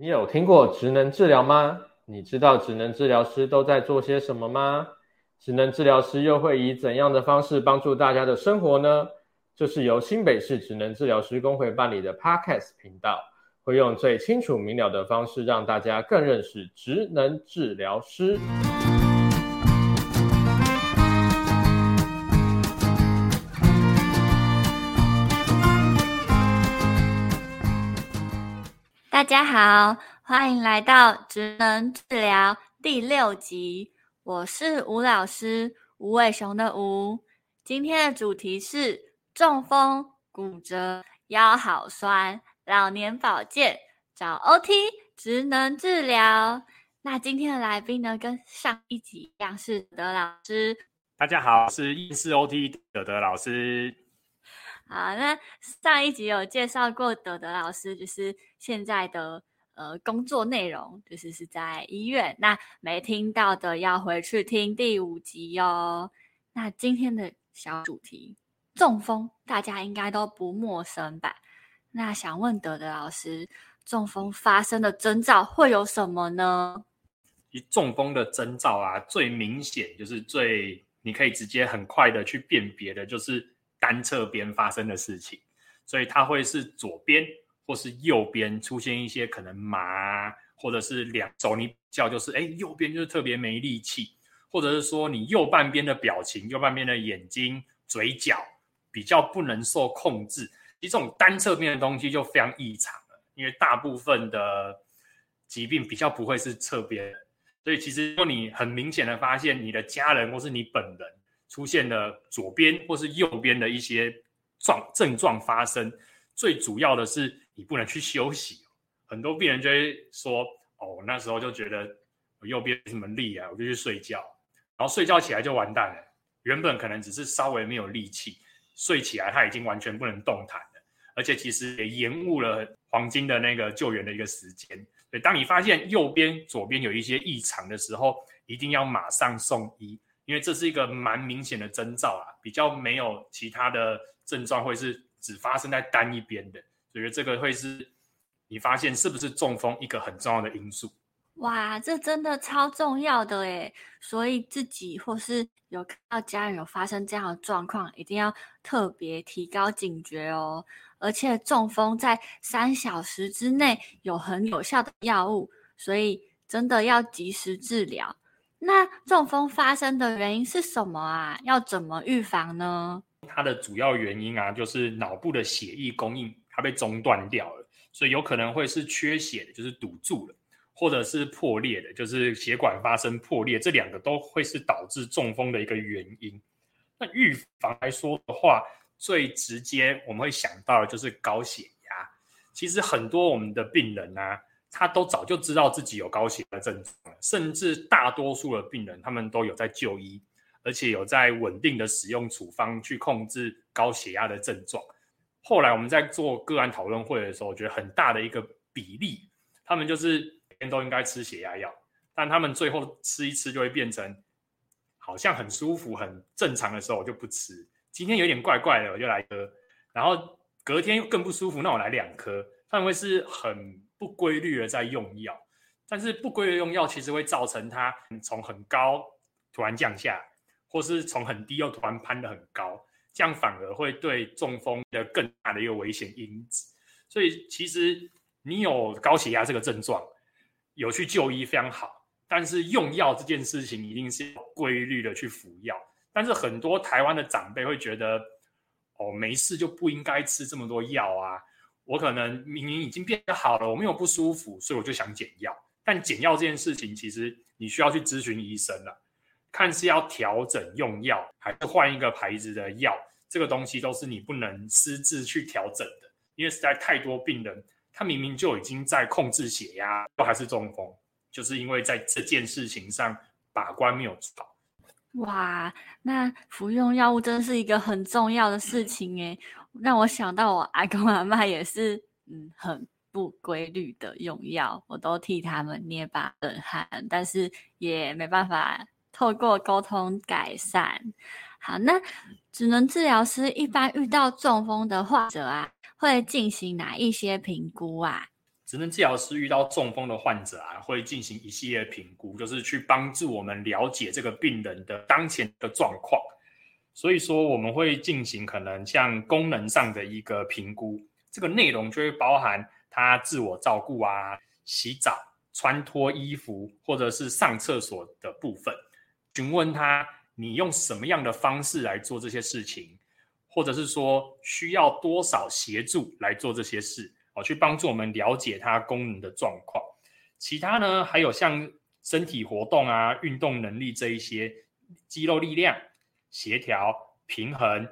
你有聽過職能治療嗎？你知道職能治療師都在做些什麼嗎？職能治療師又會以怎樣的方式幫助大家的生活呢？這、就是由新北市職能治療師公會辦理的 Podcast 頻道，會用最清楚明了的方式讓大家更認識職能治療師。大家好，歡迎來到職能治療第六集。我是吳老師，吳偉雄的吳。今天的主題是中風、骨折、腰好酸、老年保健，找 OT 職能治療。那今天的來賓呢，跟上一集一樣是德老師。大家好，我是厭世 OT 的德德老師。好，那上一集有介紹過德德老師，就是現在的呃工作內容就是是在醫院。那沒聽到的要回去聽第五集喲、哦。那今天的小主題中風，大家應該都不陌生吧？那想問德德老師，中風發生的徵兆會有什麼呢？一中風的徵兆啊，最明顯就是最你可以直接很快的去辨別的就是。單側邊發生的事情，所以它會是左邊或是右邊出現一些可能麻，或者是兩手你比較，就是哎，右邊就是特別沒力氣，或者是說你右半邊的表情、右半邊的眼睛、嘴角比較不能受控制，你這種單側邊的東西就非常異常了，因為大部分的疾病比較不會是側邊，所以其實如果你很明顯的發現你的家人或是你本人，出現了左邊或是右邊的一些狀症狀發生，最主要的是你不能去休息。很多病人就會說：“哦，我那時候就覺得我右邊沒什麼力啊，我就去睡覺，然後睡覺起來就完蛋了。原本可能只是稍微沒有力氣，睡起來他已經完全不能動彈了，而且其實也延誤了黃金的那個救援的一個時間。對，當你發現右邊、左邊有一些異常的時候，一定要馬上送醫。”因為這是一個蠻明顯的徵兆啊，比較沒有其他的症狀，會是只發生在單一邊的，所以這個會是你發現是不是中風一個很重要的因素。哇，這真的超重要的耶，所以自己或是有看到家人有發生這樣的狀況，一定要特別提高警覺哦。而且中風在三小時之內有很有效的藥物，所以真的要及時治療。那中風發生的原因是什麼啊？要怎麼預防呢？它的主要原因啊，就是腦部的血液供應它被中斷掉了，所以有可能會是缺血的，就是堵住了，或者是破裂的，就是血管發生破裂，這兩個都會是導致中風的一個原因。那預防來說的話，最直接我們會想到的就是高血壓。其實很多我們的病人啊。他都早就知道自己有高血壓症狀，甚至大多數的病人，他們都有在就醫，而且有在穩定的使用處方去控制高血壓的症狀。後來我們在做個案討論會的時候，我覺得很大的一個比例，他們就是每天都應該吃血壓藥，但他們最後吃一吃就會變成好像很舒服、很正常的時候，我就不吃。今天有點怪怪的，我就來喝；然後隔天又更不舒服，那我來兩顆，他們會是很。不規律的在用藥，但是不規律用藥其實會造成它從很高突然降下，或是從很低又突然攀得很高，這樣反而會對中風的更大的一個危險因子。所以其實你有高血壓這個症狀，有去就醫非常好，但是用藥這件事情一定是有規律的去服藥。但是很多台灣的長輩會覺得，哦，沒事就不應該吃這麼多藥啊。我可能明明已經變得好了，我沒有不舒服，所以我就想減藥。但減藥這件事情，其實你需要去諮詢醫生了，看是要調整用藥，還是換一個牌子的藥。這個東西都是你不能私自去調整的，因為實在太多病人，他明明就已經在控制血壓，都還是中風，就是因為在這件事情上把關沒有做好。哇，那服用藥物真的是一個很重要的事情誒。讓我想到我阿公阿嬤，也是，嗯，很不規律的用藥，我都替他們捏把冷汗，但是也沒辦法透過溝通改善。好，那職能治療師一般遇到中風的患者啊，會進行哪一些評估啊？職能治療師遇到中風的患者啊，會進行一系列評估，就是去幫助我們了解這個病人的當前的狀況。所以說，我們會進行可能像功能上的一個評估，這個內容就會包含他自我照顧啊、洗澡、穿脫衣服，或者是上廁所的部分，詢問他你用什麼樣的方式來做這些事情，或者是說需要多少協助來做這些事，哦、啊，去幫助我們了解他功能的狀況。其他呢，還有像身體活動啊、運動能力這一些肌肉力量，協調、平衡，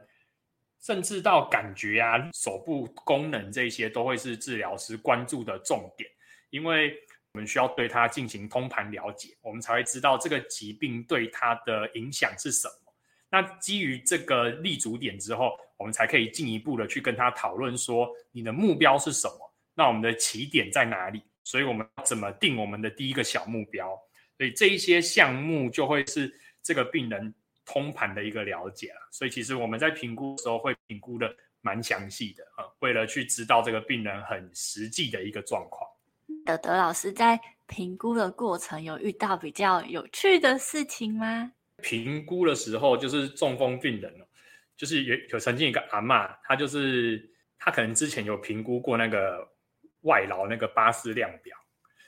甚至到感覺啊、手部功能這些，都會是治療師關注的重點。因為我們需要對他進行通盤了解，我們才會知道這個疾病對他的影響是什麼。那基於這個立足點之後，我們才可以進一步的去跟他討論說，你的目標是什麼？那我們的起點在哪裡？所以我們要怎麼定我們的第一個小目標？所以這一些項目就會是這個病人。通盤的一個了解啊，所以其實我們在評估的時候會評估的蠻詳細的啊，為了去知道這個病人很實際的一個狀況。德德老師在評估的過程有遇到比較有趣的事情嗎？評估的時候就是中風病人，就是有有曾經一個阿嬤，她就是她可能之前有評估過那個外勞那個巴氏量表，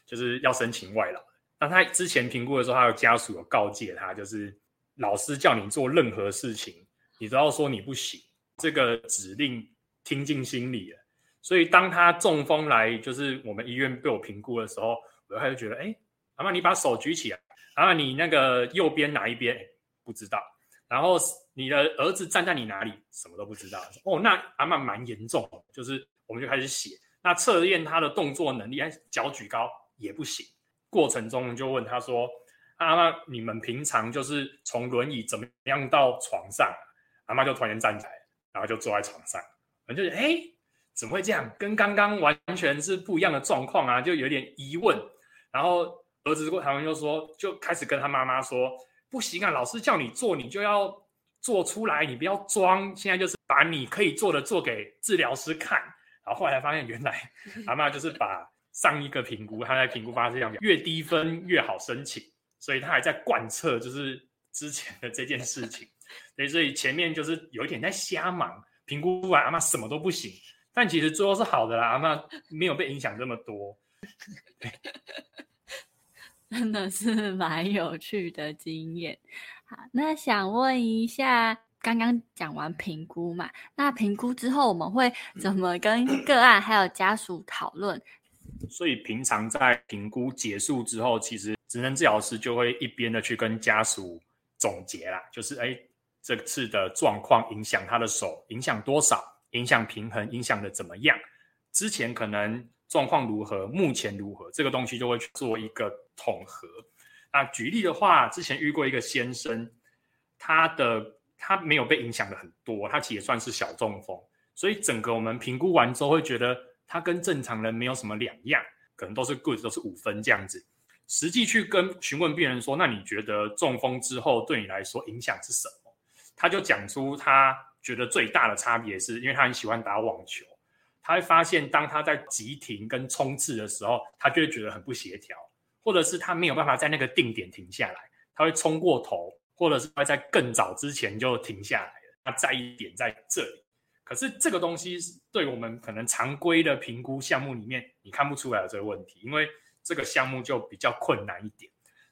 就是要申請外勞。那她之前評估的時候，她的家屬有告誡她，就是。老師叫你做任何事情，你都要說你不行。這個指令聽進心裡了。所以當他中風來，就是我們醫院被我評估的時候，我就開始覺得，哎、欸，阿嬤你把手舉起來，阿嬤你那個右邊哪一邊？欸，不知道。然後你的兒子站在你哪裡，什麼都不知道。哦，那阿嬤蠻嚴重，就是我們就開始寫。那測驗他的動作能力，哎，腳舉高也不行。過程中就問他說。阿媽，你們平常就是從輪椅怎麼樣到床上？阿媽就突然站起來，然後就坐在床上，反正就是哎、欸，怎麼會這樣？跟剛剛完全是不一樣的狀況啊，就有點疑問。然後兒子過他們就說，就開始跟他媽媽說：“不行啊，老師叫你做，你就要做出來，你不要裝。現在就是把你可以做的做給治療師看。”然後後來發現，原來阿媽就是把上一個評估， 他在評估發現這樣，越低分越好申請。所以他還在貫徹，就是之前的這件事情，對 所以前面就是有一點在瞎忙，評估不、啊、完，那什麼都不行。但其實最後是好的啦，那沒有被影響這麼多。真的是蠻有趣的經驗。好，那想問一下，剛剛講完評估嘛，那評估之後我們會怎麼跟個案還有家屬討論？所以平常在評估結束之後，其實。職能治療師就會一邊的去跟家屬總結啦，就是哎，這次的狀況影響他的手，影響多少？影響平衡，影響的怎麼樣？之前可能狀況如何，目前如何？這個東西就會去做一個統合。那舉例的話，之前遇過一個先生，他的他沒有被影響的很多，他其實算是小中風，所以整個我們評估完之後會覺得他跟正常人沒有什麼兩樣，可能都是 good，都是五分這樣子。實際去跟詢問病人說：“那你覺得中風之後對你來說影響是什麼？”他就講出他覺得最大的差別是，因為他很喜歡打網球，他會發現當他在急停跟衝刺的時候，他就會覺得很不協調，或者是他沒有辦法在那個定點停下來，他會衝過頭，或者是他在更早之前就停下來了。他在意點在這裡，可是這個東西對我們可能常規的評估項目裡面，你看不出來的這個問題，因為。這個項目就比較困難一點，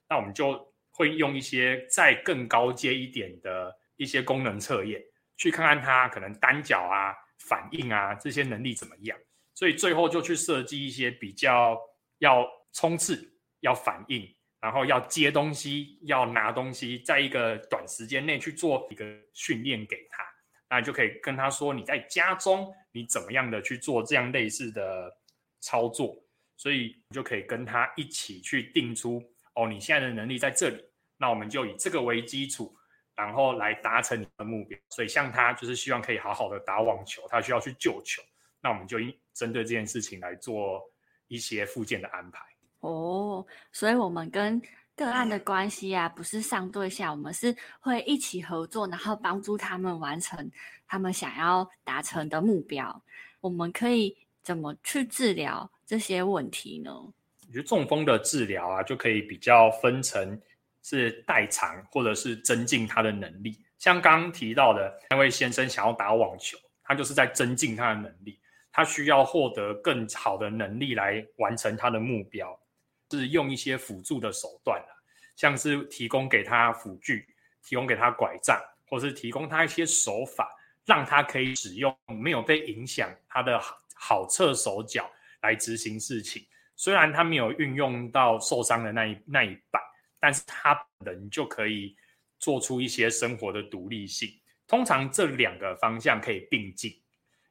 那我們就會用一些再更高階一點的一些功能測驗，去看看他可能單腳啊、反應啊這些能力怎麼樣。所以最後就去設計一些比較要衝刺、要反應，然後要接東西、要拿東西，在一個短時間內去做一個訓練給他，那就可以跟他說，你在家中你怎麼樣的去做這樣類似的操作。所以你就可以跟他一起去定出哦，你現在的能力在這裡，那我們就以這個為基礎，然後來達成你的目標。所以像他就是希望可以好好的打網球，他需要去救球，那我們就應針對這件事情來做一些復健的安排。哦，所以我們跟個案的關係啊，不是上對下，我們是會一起合作，然後幫助他們完成他們想要達成的目標。我們可以怎麼去治療這些問題呢？我覺得中風的治療啊，就可以比較分成，是代償或者是增進他的能力。像剛剛提到的那位先生想要打網球，他就是在增進他的能力。他需要獲得更好的能力來完成他的目標，是用一些輔助的手段啊，像是提供給他輔具，提供給他拐杖，或是提供他一些手法，讓他可以使用沒有被影響他的好側手腳。來執行事情，雖然他沒有運用到受傷的那一那一半，但是他人就可以做出一些生活的獨立性。通常這兩個方向可以並進，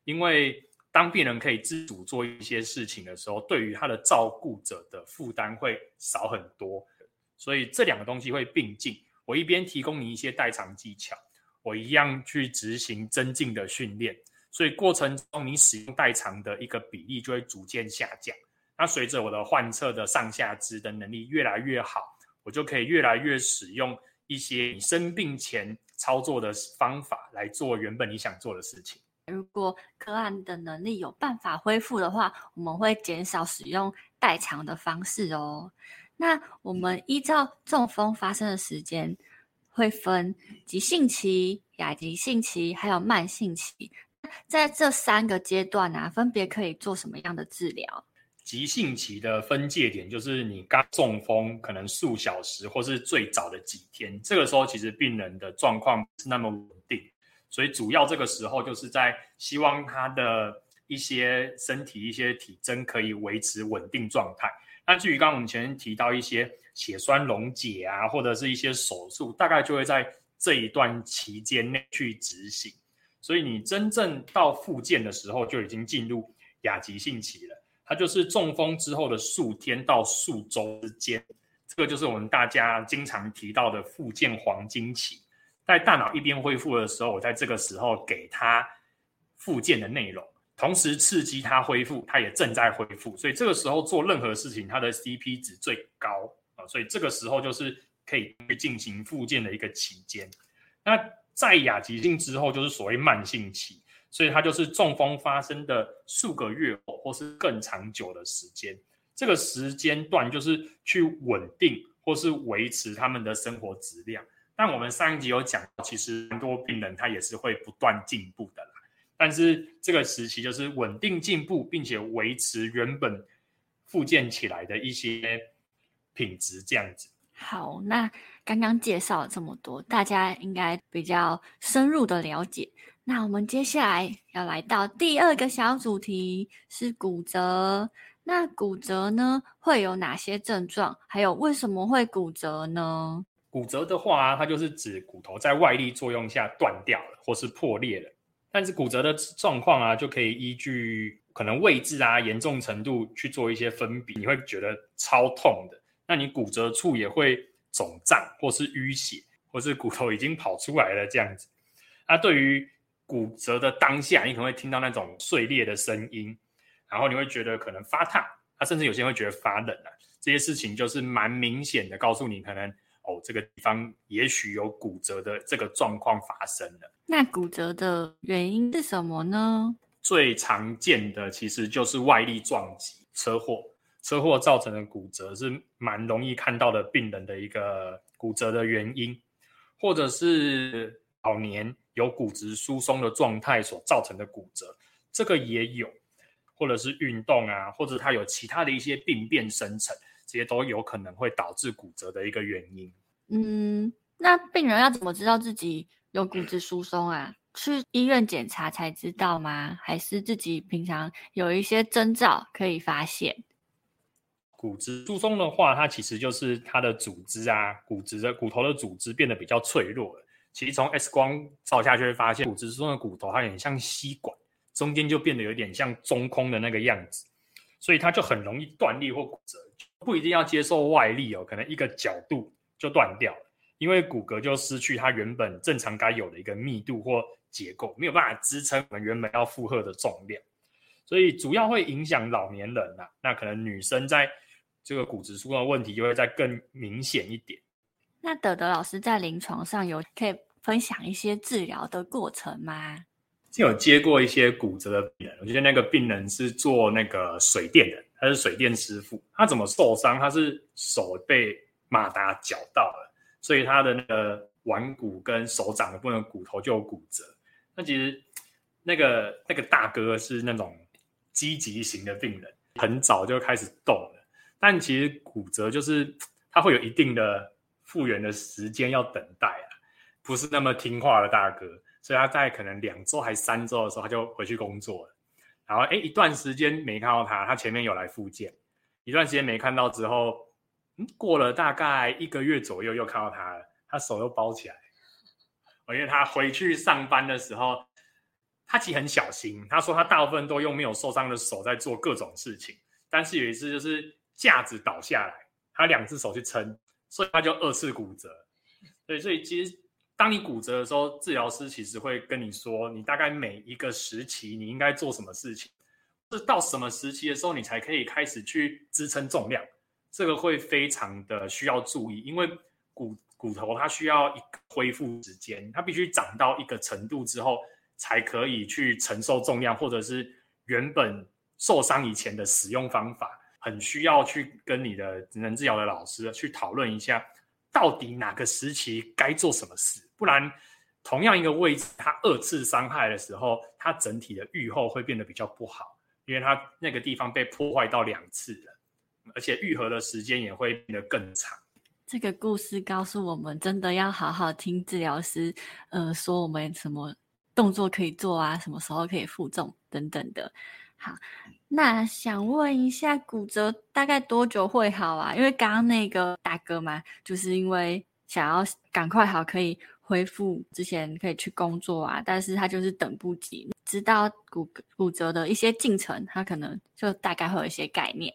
因為當病人可以自主做一些事情的時候，對於他的照顧者的負擔會少很多，所以這兩個東西會並進。我一邊提供你一些代償技巧，我一樣去執行增進的訓練。所以過程中，你使用代償的一個比例就會逐漸下降。那隨着我的患側的上下肢的能力越來越好，我就可以越來越使用一些你生病前操作的方法來做原本你想做的事情。如果個案的能力有辦法恢復的話，我們會減少使用代償的方式哦。那我們依照中風發生的時間，會分急性期、亞急性期，還有慢性期。在這三個階段啊，分別可以做什麼樣的治療？急性期的分界點就是你剛中風，可能數小時或是最早的幾天，這個時候其實病人的狀況不是那麼穩定，所以主要這個時候就是在希望他的一些身體一些體徵可以維持穩定狀態。那至於剛剛我們前面提到一些血栓溶解啊，或者是一些手術，大概就會在這一段期間內去執行。所以你真正到復健的時候，就已經進入亞急性期了。它就是中風之後的數天到數週之間，這個就是我們大家經常提到的復健黃金期。在大腦一邊恢復的時候，我在這個時候給它復健的內容，同時刺激它恢復，它也正在恢復。所以這個時候做任何事情，它的 CP 值最高啊！所以這個時候就是可以進行復健的一個期間。那在亞急性之後，就是所謂慢性期，所以它就是中風發生的數個月或是更長久的時間。這個時間段就是去穩定或是維持他們的生活質量。但我們上一集有講，其實很多病人他也是會不斷進步的啦。但是這個時期就是穩定進步，並且維持原本復健起來的一些品質，這樣子。好，那。剛剛介紹了這麼多，大家應該比較深入的了解。那我們接下來要來到第二個小主題是骨折。那骨折呢，會有哪些症狀？還有為什麼會骨折呢？骨折的話、啊，它就是指骨頭在外力作用下斷掉了或是破裂了。但是骨折的狀況啊，就可以依據可能位置啊、嚴重程度去做一些分別。你會覺得超痛的，那你骨折處也會，腫脹或是淤血，或是骨頭已經跑出來了這樣子、啊。那對於骨折的當下，你可能會聽到那種碎裂的聲音，然後你會覺得可能發燙、啊，甚至有些人會覺得發冷啊。這些事情就是蠻明顯的，告訴你可能哦這個地方也許有骨折的這個狀況發生了。那骨折的原因是什麼呢？最常見的其實就是外力撞擊、車禍。車禍造成的骨折是蠻容易看到的，病人的一個骨折的原因，或者是老年有骨質疏鬆的狀態所造成的骨折，這個也有，或者是運動啊，或者他有其他的一些病變生成，這些都有可能會導致骨折的一個原因。嗯，那病人要怎麼知道自己有骨質疏鬆啊？咳咳去醫院檢查才知道嗎？還是自己平常有一些徵兆可以發現？骨質疏鬆的話，它其實就是它的組織啊，骨質的骨頭的組織變得比較脆弱了。其實從 X 光照下去會發現，骨質疏鬆的骨頭它有點像吸管，中間就變得有點像中空的那個樣子，所以它就很容易斷裂或骨折，就不一定要接受外力哦，可能一個角度就斷掉了，因為骨骼就失去它原本正常該有的一個密度或結構，沒有辦法支撐我們原本要負荷的重量，所以主要會影響老年人啊，那可能女生在這個骨質疏鬆的問題就會再更明顯一點。那德德老師在臨床上有可以分享一些治療的過程嗎？有接過一些骨折的病人，我覺得那個病人是做那個水電的，他是水電師傅。他怎麼受傷？他是手被馬達絞到了，所以他的那個腕骨跟手掌的部分的骨頭就有骨折。那其實那個那個大哥是那種積極型的病人，很早就開始動了。但其實骨折就是，他會有一定的復原的時間要等待啊，不是那麼聽話的大哥。所以他在可能兩周還是三周的時候，他就回去工作了。然後哎，一段時間沒看到他，他前面有來復健。一段時間沒看到之後，嗯，過了大概一個月左右，又看到他了，他手又包起來。我覺得他回去上班的時候，他其實很小心。他說他大部分都用沒有受傷的手在做各種事情，但是有一次就是。架子倒下來，他兩隻手去撐，所以他就二次骨折。所以，所以其實當你骨折的時候，治療師其實會跟你說，你大概每一個時期你應該做什麼事情，是到什麼時期的時候你才可以開始去支撐重量。這個會非常的需要注意，因為骨骨頭它需要一個恢復時間，它必須長到一個程度之後，才可以去承受重量，或者是原本受傷以前的使用方法。很需要去跟你的職能治療的老師去討論一下，到底哪個時期該做什麼事，不然同樣一個位置，它二次傷害的時候，它整體的愈後會變得比較不好，因為它那個地方被破壞到兩次了，而且愈合的時間也會變得更長。這個故事告訴我們，真的要好好聽治療師，呃，說我們什麼動作可以做啊，什麼時候可以負重等等的。好，那想問一下，骨折大概多久會好啊？因為剛剛那個大哥嘛，就是因為想要趕快好，可以恢復之前可以去工作啊，但是他就是等不及，知道骨骨折的一些進程，他可能就大概會有一些概念。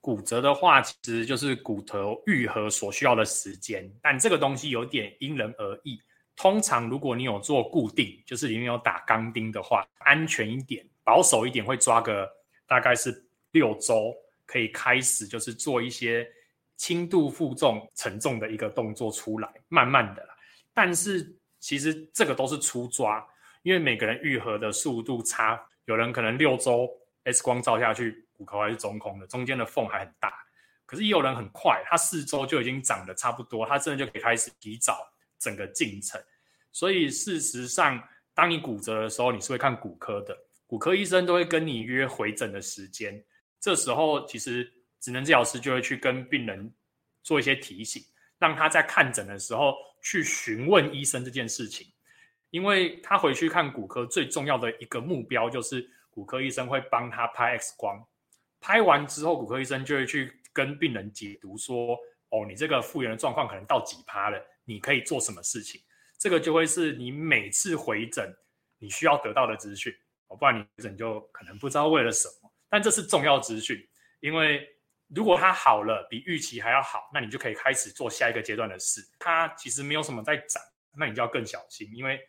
骨折的話，其實就是骨頭愈合所需要的時間，但這個東西有點因人而異。通常如果你有做固定，就是裡面有打鋼釘的話，安全一點。保守一點會抓個大概是六周，可以開始就是做一些輕度負重、承重的一個動作出來，慢慢的啦。但是其實這個都是初抓，因為每個人癒合的速度差，有人可能六周 X 光照下去，骨頭還是中空的，中間的縫還很大。可是也有人很快，他四周就已經長得差不多，他真的就可以開始提早整個進程。所以事實上，當你骨折的時候，你是會看骨科的。骨科醫生都會跟你約回診的時間，這時候其實職能治療師就會去跟病人做一些提醒，讓他在看診的時候去詢問醫生這件事情，因為他回去看骨科最重要的一個目標就是骨科醫生會幫他拍 X 光，拍完之後骨科醫生就會去跟病人解讀說：“哦，你這個復原的狀況可能到幾趴了，你可以做什麼事情？”這個就會是你每次回診你需要得到的資訊。不然你可能就可能不知道為了什麼，但這是重要資訊，因為如果它好了，比預期還要好，那你就可以開始做下一個階段的事。它其實沒有什麼在長，那你就要更小心，因為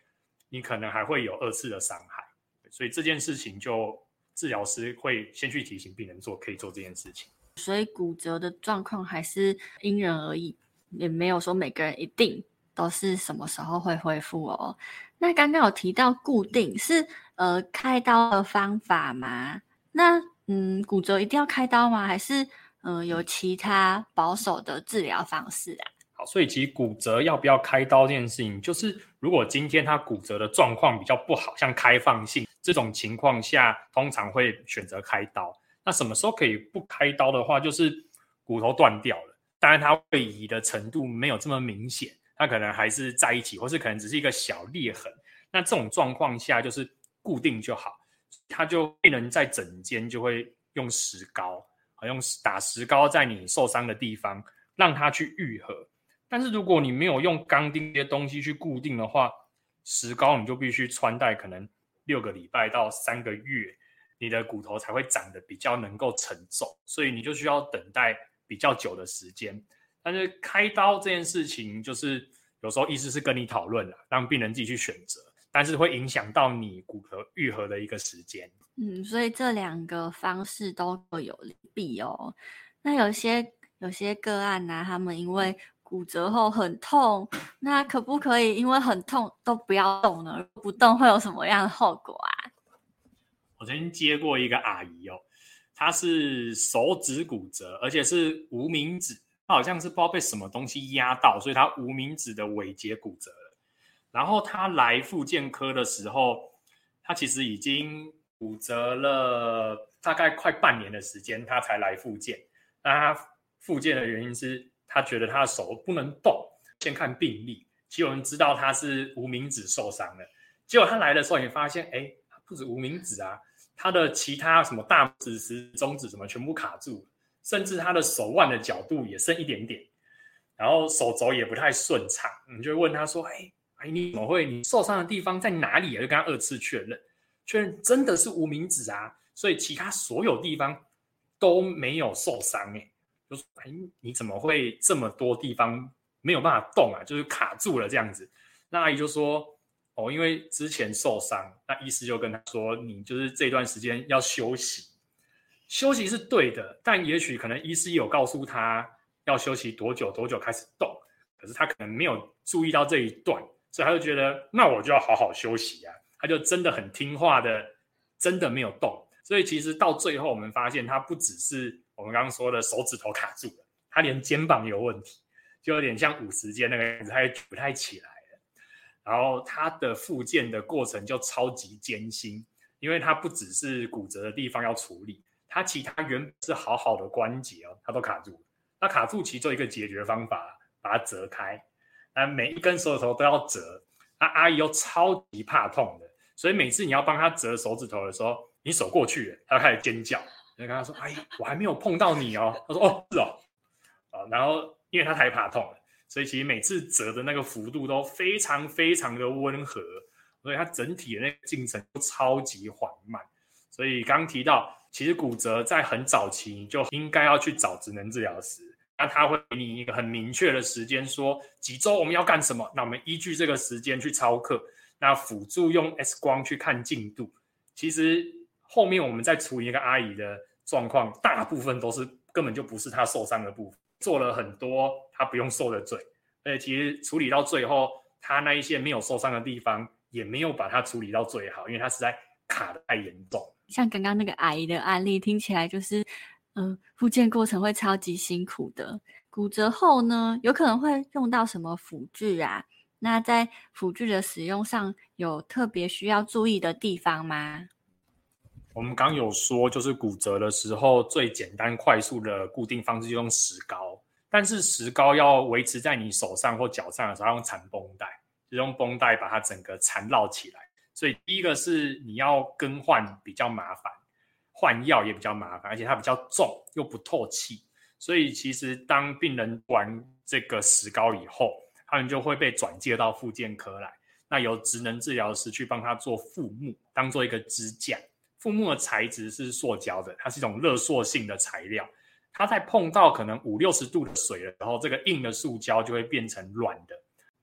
你可能還會有二次的傷害。所以這件事情就治療師會先去提醒病人做，可以做這件事情。所以骨折的狀況還是因人而異，也沒有說每個人一定。都是什麼時候會恢復哦？那剛剛有提到固定是呃開刀的方法嗎？那嗯，骨折一定要開刀嗎？還是嗯、呃、有其他保守的治療方式啊？好，所以其實骨折要不要開刀這件事情，就是如果今天他骨折的狀況比較不好，像開放性這種情況下，通常會選擇開刀。那什麼時候可以不開刀的話，就是骨頭斷掉了，當然他位移的程度沒有這麼明顯。它可能還是在一起，或是可能只是一個小裂痕。那這種狀況下，就是固定就好。它就可能在診間就會用石膏，用打石膏在你受傷的地方，讓它去癒合。但是如果你沒有用鋼釘這些東西去固定的話，石膏你就必須穿戴可能六個禮拜到三個月，你的骨頭才會長得比較能夠承重，所以你就需要等待比較久的時間。但是開刀這件事情，就是有時候醫師是跟你討論了、啊，讓病人自己去選擇，但是會影響到你骨骼愈合的一個時間。嗯，所以這兩個方式都會有利弊哦。那有些有些個案呢、啊，他們因為骨折後很痛，那可不可以因為很痛都不要動呢？不動會有什麼樣的後果啊？我曾經接過一個阿姨哦，她是手指骨折，而且是無名指。他好像是不知道被什麼東西壓到，所以他無名指的尾節骨折了。然後他來復健科的時候，他其實已經骨折了大概快半年的時間，他才來復健。那他復健的原因是他覺得他手不能動。先看病歷，其實有人知道他是無名指受傷了。結果他來的時候你發現，哎，不止無名指啊，他的其他什麼大拇指、食指、中指什麼，全部卡住了。甚至他的手腕的角度也剩一點點，然後手肘也不太順暢。你就問他說：“哎，哎、哎、你怎麼會？你受傷的地方在哪裡？”就跟他二次確認，確認真的是無名指啊，所以其他所有地方都沒有受傷。哎，就說：“哎，你怎麼會這麼多地方沒有辦法動啊？就是卡住了這樣子。”那阿姨就說：“哦，因為之前受傷。”那醫師就跟他說：“你就是這段時間要休息。”休息是對的，但也許可能醫師也有告訴他要休息多久，多久開始動，可是他可能沒有注意到這一段，所以他就覺得那我就要好好休息啊，他就真的很聽話的，真的沒有動。所以其實到最後，我們發現他不只是我們剛剛說的手指頭卡住了，他連肩膀有問題，就有點像五十肩那個樣子，他也不太起來了。然後他的復健的過程就超級艱辛，因為他不只是骨折的地方要處理。他其他原本是好好的關節哦，他都卡住了。那卡住，其中一個解決方法，把它折開。那每一根手指頭都要折。那阿姨又超級怕痛的，所以每次你要幫他折手指頭的時候，你手過去了，他就開始尖叫。你跟他說：“阿姨、 哎，我還沒有碰到你哦。”他說：“哦，是哦。”然後因為他太怕痛了，所以其實每次折的那個幅度都非常非常的溫和，所以他整體的那個進程都超級緩慢。所以剛剛提到。其實骨折在很早期你就應該要去找職能治療師，那他會給你一個很明確的時間，說幾周我們要幹什麼。那我們依據這個時間去操課，那輔助用 X 光去看進度。其實後面我們在處理那個阿姨的狀況，大部分都是根本就不是她受傷的部分，做了很多她不用受的罪。而且其實處理到最後，她那一些沒有受傷的地方，也沒有把它處理到最好，因為她實在卡的太嚴重。像剛剛那個阿姨的案例，聽起來就是，嗯、呃，復健過程會超級辛苦的。骨折後呢，有可能會用到什麼輔具啊？那在輔具的使用上有特別需要注意的地方嗎？我們剛有說，就是骨折的時候，最簡單快速的固定方式就用石膏，但是石膏要維持在你手上或腳上的時候，要用纏繃帶，就用繃帶把它整個纏繞起來。所以第一個是你要更換比較麻煩，換藥也比較麻煩，而且它比較重又不透氣。所以其實當病人做完這個石膏以後，他們就會被轉介到復健科來，那由職能治療師去幫他做副木，當做一個支架。副木的材質是塑膠的，它是一種熱塑性的材料。它在碰到可能五六十度的水的時候，然後這個硬的塑膠就會變成軟的。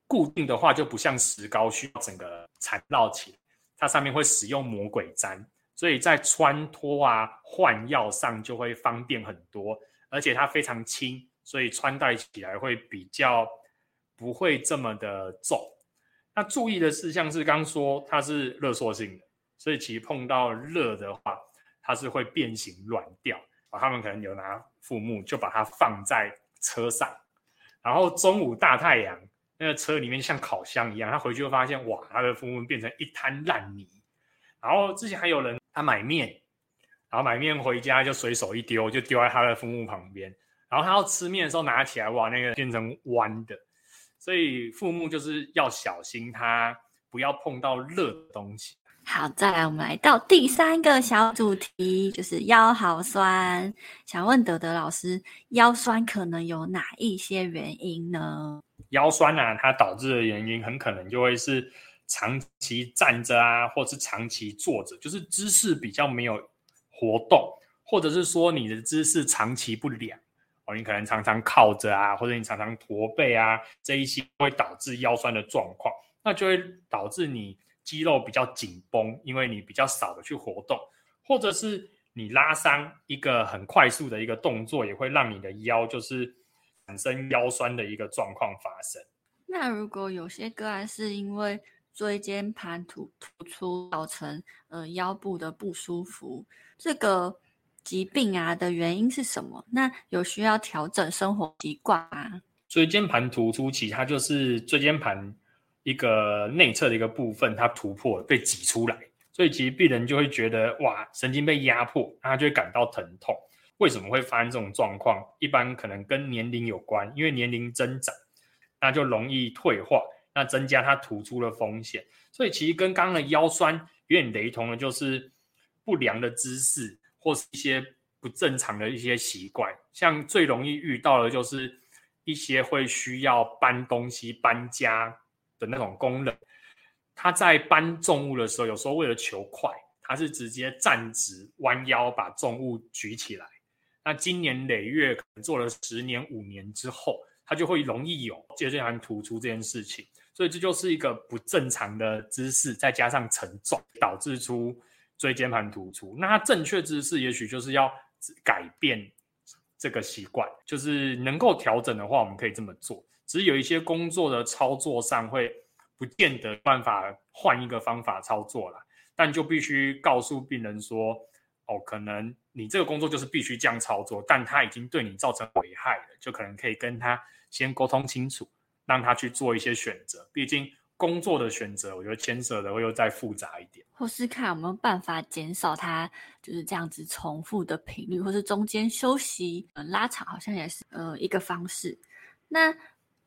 固定的話就不像石膏需要整個纏繞起來。它上面會使用魔鬼氈，所以在穿脫啊換藥上就會方便很多，而且它非常輕，所以穿戴起來會比較不會這麼的重。那注意的是，像是剛剛說它是熱縮性的，所以其實碰到熱的話，它是會變形軟掉。啊，他們可能有拿副木，就把它放在車上，然後中午大太陽。那個車裡面像烤箱一樣，他回去又發現，哇，他的副木變成一灘爛泥。然後之前還有人他買麵，然後買麵回家就隨手一丟，就丟在他的副木旁邊。然後他要吃麵的時候拿起來，哇，那個變成彎的。所以副木就是要小心，他不要碰到熱的東西。好，再來我們來到第三個小主題，就是腰好酸。想問德德老師，腰酸可能有哪一些原因呢？腰酸啊，它導致的原因很可能就會是長期站着啊，或是長期坐着，就是姿勢比較沒有活動，或者是說你的姿勢長期不良哦，你可能常常靠着啊，或者你常常駝背啊，這一些會導致腰酸的狀況，那就會導致你肌肉比較緊繃，因為你比較少的去活動，或者是你拉傷，一個很快速的一個動作，也會讓你的腰就是。產生腰酸的一個狀況發生。那如果有些個案是因為椎間盤突突出造成呃腰部的不舒服，這個疾病啊的原因是什麼？那有需要調整生活習慣嗎？椎間盤突出，其實它就是椎間盤一個內側的一個部分，它突破了，被擠出來，所以其實病人就會覺得哇，神經被壓迫，他就會感到疼痛。為什麼會發生這種狀況？一般可能跟年齡有關，因為年齡增長，那就容易退化，那增加它突出的風險。所以其實跟剛剛的腰痠有點雷同的，就是不良的姿勢或是一些不正常的一些習慣。像最容易遇到的，就是一些會需要搬東西、搬家的那種工人，他在搬重物的時候，有時候為了求快，他是直接站直、彎腰把重物舉起來。那今年累月可能做了十年五年之後，它就會容易有椎間盤突出這件事情，所以這就是一個不正常的姿勢，再加上沉重導致出椎間盤突出。那正確姿勢也許就是要改變這個習慣，就是能夠調整的話，我們可以這麼做。只是有一些工作的操作上會不見得辦法換一個方法操作啦，但就必須告訴病人說。哦，可能你這個工作就是必須這樣操作，但他已經對你造成危害了，就可能可以跟他先溝通清楚，讓他去做一些選擇。畢竟工作的選擇，我覺得牽涉的會又再複雜一點。或是看有沒有辦法減少他就是這樣子重複的頻率，或是中間休息，嗯、呃，拉長好像也是呃一個方式。那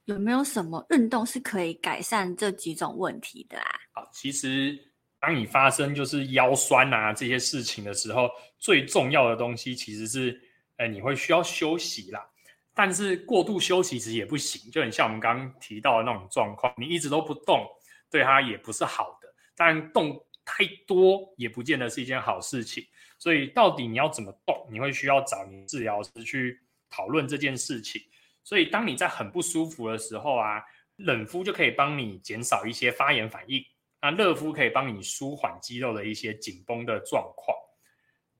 有沒有什麼運動是可以改善這幾種問題的啊？好、哦，其實。當你發生就是腰痠啊這些事情的時候，最重要的東西其實是，哎、呃，你會需要休息啦。但是過度休息其實也不行，就很像我們剛剛提到的那種狀況，你一直都不動，對它也不是好的。但動太多也不見得是一件好事情。所以到底你要怎麼動，你會需要找你治療師去討論這件事情。所以當你在很不舒服的時候啊，冷敷就可以幫你減少一些發炎反應。那熱敷可以幫你舒緩肌肉的一些緊繃的狀況。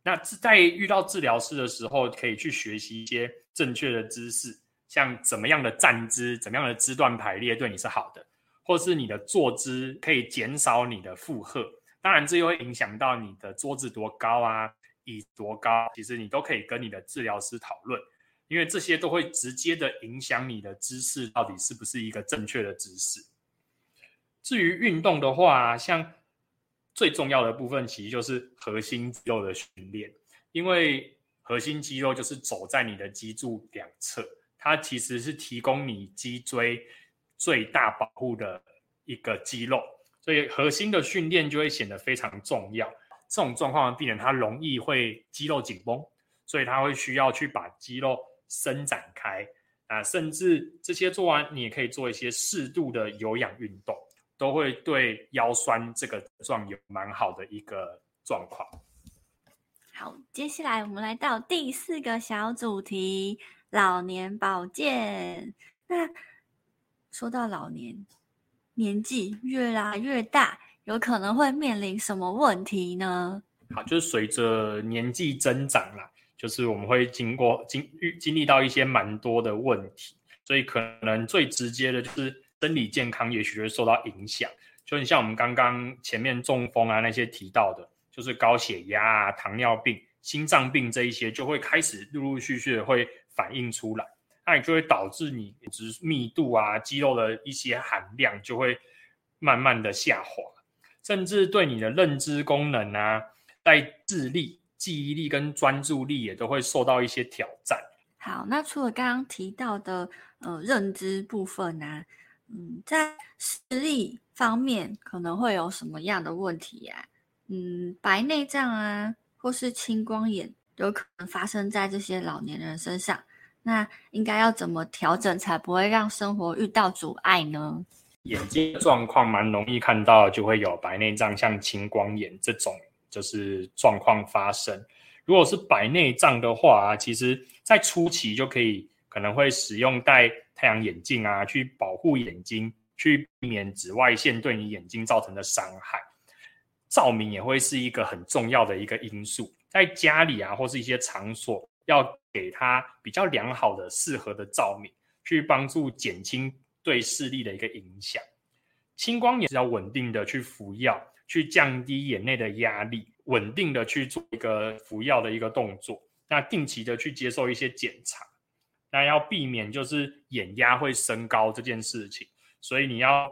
那在遇到治療師的時候，可以去學習一些正確的姿勢，像怎麼樣的站姿、怎麼樣的肢段排列對你是好的，或是你的坐姿可以減少你的負荷。當然，這又會影響到你的桌子多高啊、椅子多高。其實你都可以跟你的治療師討論，因為這些都會直接的影響你的姿勢到底是不是一個正確的姿勢。至於運動的話，像最重要的部分其實就是核心肌肉的訓練，因為核心肌肉就是走在你的脊柱兩側，它其實是提供你脊椎最大保護的一個肌肉，所以核心的訓練就會顯得非常重要。這種狀況的病人，他容易會肌肉緊繃，所以他會需要去把肌肉伸展開啊，甚至這些做完，你也可以做一些適度的有氧運動。都會對腰酸這個狀有蠻好的一個狀況。好，接下來我們來到第四個小主題——老年保健。那說到老年，年紀越來越大，有可能會面臨什麼問題呢？好，就是隨着年紀增長啦，就是我們會經過經遇經歷到一些蠻多的問題，所以可能最直接的就是。身體健康也許會受到影響，就你像我們剛剛前面中風啊那些提到的，就是高血壓啊、糖尿病、心臟病這一些，就會開始陸陸續續的會反映出來，那也就會導致你骨密度啊、肌肉的一些含量就會慢慢的下滑，甚至對你的認知功能啊、在智力、記憶力跟專注力也都會受到一些挑戰。好，那除了剛剛提到的呃認知部分啊。嗯，在視力方面可能會有什麼樣的問題呀、啊？嗯，白內障啊，或是青光眼，有可能發生在這些老年人身上。那應該要怎麼調整，才不會讓生活遇到阻礙呢？眼睛狀況蠻容易看到，就會有白內障、像青光眼這種就是狀況發生。如果是白內障的話啊，其實在初期就可以，可能會使用戴太陽眼鏡啊，去保護眼睛，去避免紫外線對你眼睛造成的傷害。照明也會是一個很重要的一個因素，在家裡啊，或是一些場所，要給他比較良好的、適合的照明，去幫助減輕對視力的一個影響。青光眼是要穩定的去服藥，去降低眼內的壓力，穩定的去做一個服藥的一個動作。那定期的去接受一些檢查。那要避免就是眼壓會升高這件事情，所以你要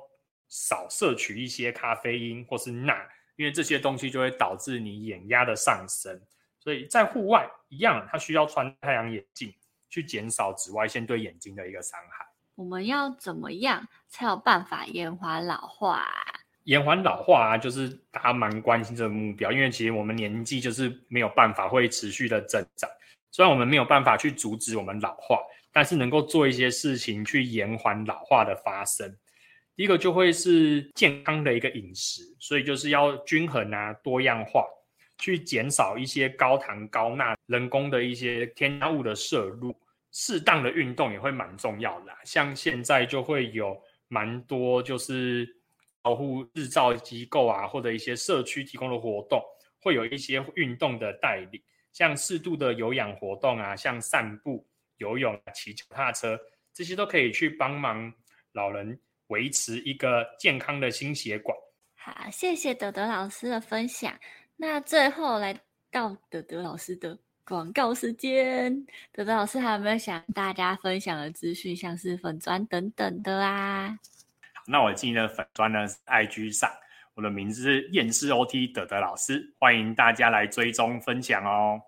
少攝取一些咖啡因或是鈉，因為這些東西就會導致你眼壓的上升。所以在戶外一樣，它需要穿太陽眼鏡去減少紫外線對眼睛的一個傷害。我們要怎麼樣才有辦法延緩老化？延緩老化啊，就是大家蠻關心這個目標，因為其實我們年紀就是沒有辦法會持續的增長。雖然我們沒有辦法去阻止我們老化，但是能夠做一些事情去延緩老化的發生。第一個就會是健康的一個飲食，所以就是要均衡啊、多樣化，去減少一些高糖、高鈉、人工的一些添加物的攝入。適當的運動也會蠻重要的啊，像現在就會有蠻多就是保護日照機構啊，或者一些社區提供的活動，會有一些運動的帶領。像適度的有氧活動啊，像散步、游泳、騎腳踏車，這些都可以去幫忙老人維持一個健康的心血管。好，謝謝德德老師的分享。那最後來到德德老師的廣告時間，德德老師還有沒有想大家分享的資訊，像是粉磚等等的啊？那我記得粉磚呢 IG 上。我的名字是厭世 OT 德德老師，歡迎大家來追蹤分享哦。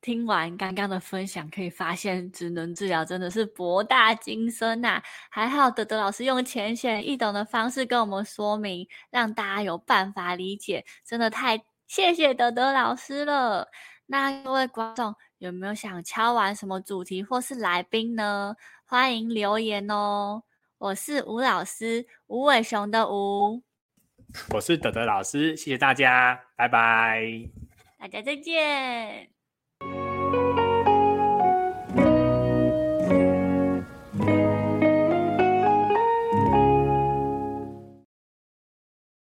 聽完剛剛的分享，可以發現職能治療真的是博大精深吶、啊。還好德德老師用淺顯易懂的方式跟我們說明，讓大家有辦法理解，真的太謝謝德德老師了。那各位觀眾有沒有想敲碗什麼主題或是來賓呢？歡迎留言哦。我是吳老師，吳偉雄的吳。我是德德老師，謝謝大家，拜拜，大家再見。